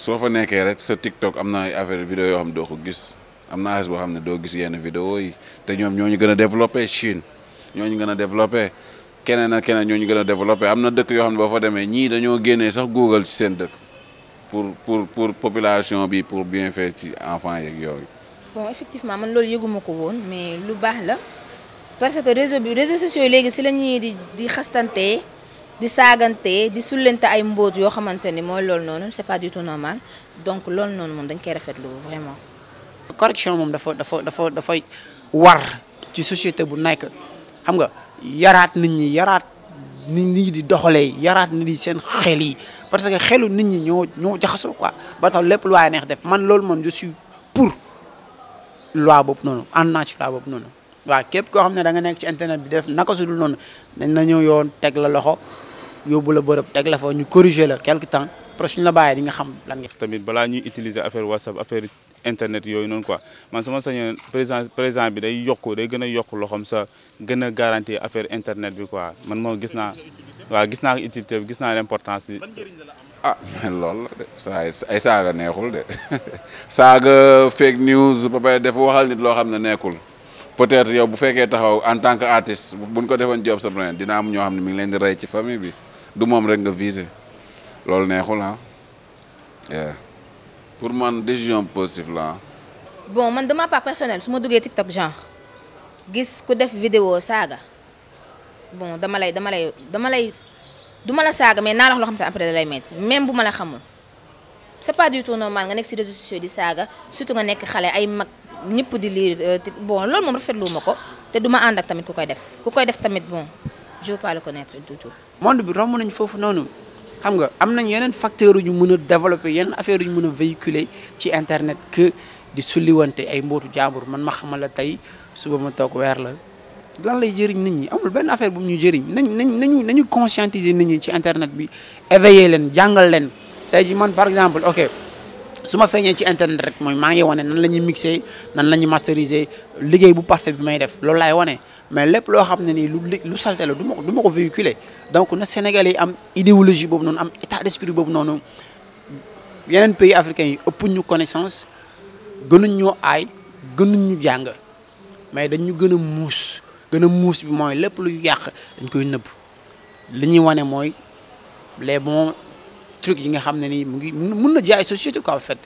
soo fa nekkee rek TikTok amna ay affaire vidéo yo xam do ko gis amna na as boo xam ne doo gis yenn vidéo yi té ñom ñoñu gëna développer Chine ñoñu gëna développer a ak keneen ñoñu gëna développer amna dëkk yo xam bo fa démé ñi dañoo gënné sax Google ci sen dëkk pour pour pour population bi pour bien faire ci enfants yeeg yooyu. bon effectivement man loolu yëguma ko woon mais lu baax la parce que réseau bi réseaux sociaux yi léegi si la di di xastanté di saagante di sullante ay mbóot yoo xamante ni mooy loolu noonu c'est pas du tout normal donc loolu noonu moom dañ koy rafetlu vraiment. correction moom dafa dafa dafa dafay war ci société bu nekk xam nga yaraat nit ñi yaraat nit ñi di doxalee yaraat na ñi seen xel yi parce que xelu nit ñi ñoo ñoo jaxasoo quoi ba tax lépp lu waay neex def man loolu moom je pour loi boobu noonu ànd naa ci loi boobu noonu. waaw képp koo xam ne da nga nekk ci internet bi def naka su noonu dañ la ñëw yoon teg la loxo. yóbbu la bërëb la fa ñu corriger la quelque temps proche la bàyyi di xam lan nga. tamit balaa ñuy utiliser affaire whatsapp affaire internet yoy noonu quoi man sama ma sañoon président président bi day yokku day gëna yokku loxam sa gëna garantir affaire internet bi quoi man mo gis na wa gis na utilité gis na l'importance ah loolu la de saa ay saga neexul de saga fake news ba pare def waxal nit lo xam neexul peut-être yow bu féké taxaw en tant que artiste buñ ko defoon job sa dina am ño xam mi ngi leen di rey ci famille bi du moom rek nga visé loolu neexul ah pour man décision positive la ah. bon man dama pas personnel suma su TikTok genre gis ku def vidéo saga bon dama lay dama lay dama lay du la saga? mais na la wax loo xam après da lay metti même bu ma la xamul c'est pas du tout normal nga nek ci réseaux sociaux di saga surtout nga nek xalé ay mag ñëpp di lire euh, bon loolu mom rafet ma mako te duma ma ak tamit ku koy def ku koy def tamit bon je veux pas le connaître du tout. monde bi romb nañ fofu noonu xam nga am nañ yeneen facteurs ñu mëna développer yeneen affaire ñu mëna véhiculer ci internet que di sulliwante ay mbotu jàmbur man ma xamala tay tey suba ma tok weer la lan lay jëriñ nit ñi amul ben affaire bu ñu jëriñ nañ nañ nañu conscientiser nit ñi ci internet bi éveiller leen jàngal leen tay ji man par exemple ok suma feñé ci internet rek moy ma ngi wane nan la mixer nan la ñuy masteriser liggéey bu parfait bi may def lolou lay wane mais les lo xamné ni lu salté la duma ko donc na Sénégalais am idéologie bobu non, am état d'esprit y non, yenen pays africains yi ëpp ñu connaissance gënuñ ñoo aay mais dañu gëna mous a mous bi moy lepp lu dañ koy neub li ils les bons trucs yi nga xamné ni jaay société quoi en fait.